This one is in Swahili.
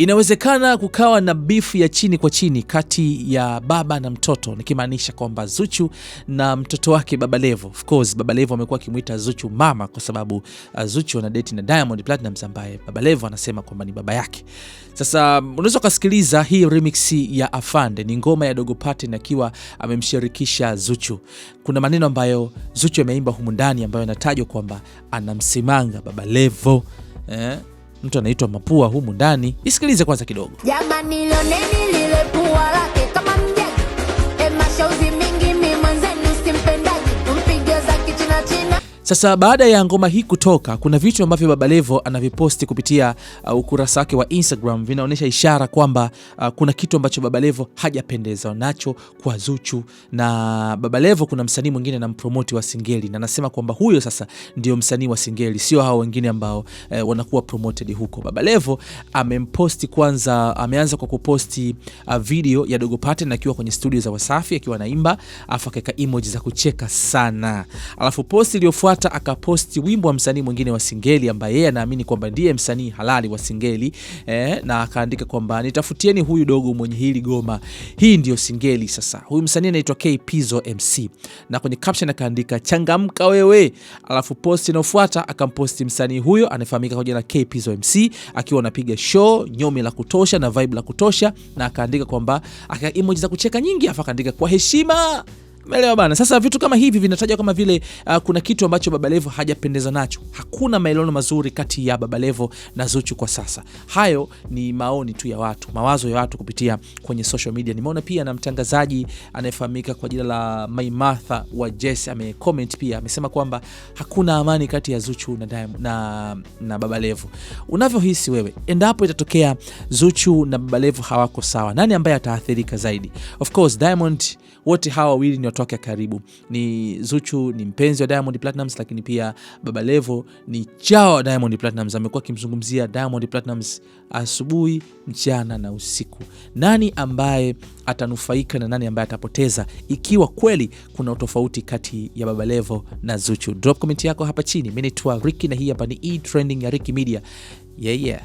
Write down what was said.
Inawezekana kukawa na bifu ya chini kwa chini kati ya baba na mtoto, nikimaanisha kwamba Zuchu na mtoto wake Baba Levo. Of course Baba Levo amekuwa akimwita Zuchu mama kwa sababu uh, Zuchu ana date na Diamond Platnumz ambaye Baba Levo anasema kwamba ni baba yake. Sasa um, unaweza ukasikiliza hii remix ya Afande, ni ngoma ya Dogo Paten akiwa amemshirikisha Zuchu. Kuna maneno ambayo Zuchu ameimba humu ndani ambayo anatajwa kwamba anamsimanga Baba Levo eh? mtu anaitwa mapua humu ndani. Isikilize kwanza kidogo. Jamani, lioneni lile pua lake kama Sasa baada ya ngoma hii kutoka, kuna vitu ambavyo Baba Levo anaviposti kupitia uh, ukurasa wake wa Instagram vinaonyesha ishara kwamba uh, kuna kitu ambacho Baba Levo hajapendeza nacho kwa Zuchu na Baba Levo. Kuna msanii mwingine na mpromoti wa Singeli na anasema kwamba huyo sasa ndio msanii wa Singeli, sio hao wengine ambao eh, wanakuwa promoted huko. Baba Levo amemposti kwanza, ameanza kwa kuposti uh, video ya Dogo Paten akiwa kwenye studio za Wasafi akiwa anaimba, afu akaweka emoji za kucheka sana, alafu posti iliyofuata hata akaposti wimbo wa msanii mwingine wa Singeli ambaye yeye anaamini kwamba ndiye msanii halali wa Singeli eh, na akaandika kwamba nitafutieni huyu dogo mwenye hili goma, hii ndio Singeli. Sasa huyu msanii anaitwa K Pizzo MC, na kwenye caption akaandika changamka wewe, alafu post inayofuata akamposti msanii huyo anafahamika kwa jina K Pizzo MC akiwa anapiga show nyome la kutosha na vibe la kutosha, na akaandika kwamba aka emoji za kucheka nyingi, afa akaandika kwa heshima Umeelewa bana? Sasa vitu kama hivi vinatajwa kama vile uh, kuna kitu ambacho Baba Levo hajapendeza nacho. Hakuna maelewano mazuri kati ya Baba Levo na Zuchu kwa sasa. Hayo ni maoni tu ya watu, mawazo ya watu kupitia kwenye social media. Nimeona pia na mtangazaji anayefahamika kwa jina la Maimartha wa Jess amecomment pia, amesema kwamba hakuna amani kati ya Zuchu na, na, na Baba Levo. Unavyohisi wewe, endapo itatokea Zuchu na Baba Levo hawako sawa, nani ambaye ataathirika zaidi? Of course Diamond, wote hawa wawili ni watu karibu. Ni Zuchu ni mpenzi wa Diamond Platnumz, lakini pia Baba Levo ni chao wa Diamond Platnumz. Amekuwa akimzungumzia Diamond Platnumz asubuhi, mchana na usiku. Nani ambaye atanufaika na nani ambaye atapoteza ikiwa kweli kuna utofauti kati ya Baba Levo na Zuchu? Drop comment yako hapa chini. Mi naitwa Ricky na hii hapa ni E Trending ya Ricky Media. Yeah, yeah.